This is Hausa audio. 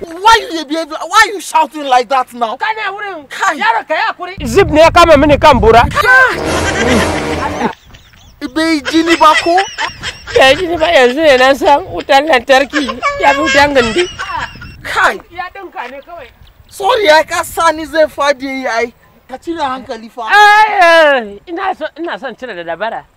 Why you behave? Why you shouting like that now? Kai ne wurin. Kai. Yaro kai hakuri. Zip ne kama mini kambura. bura. Bai jini ba ko? Bai jini ba yanzu ne na san wutan lantarki ya fi wutan gindi. Kai. Ya dinka ne kawai. Sorry ya ka sani zai fadi yayi Ka cire hankali fa. Ina son ina son cire da dabara.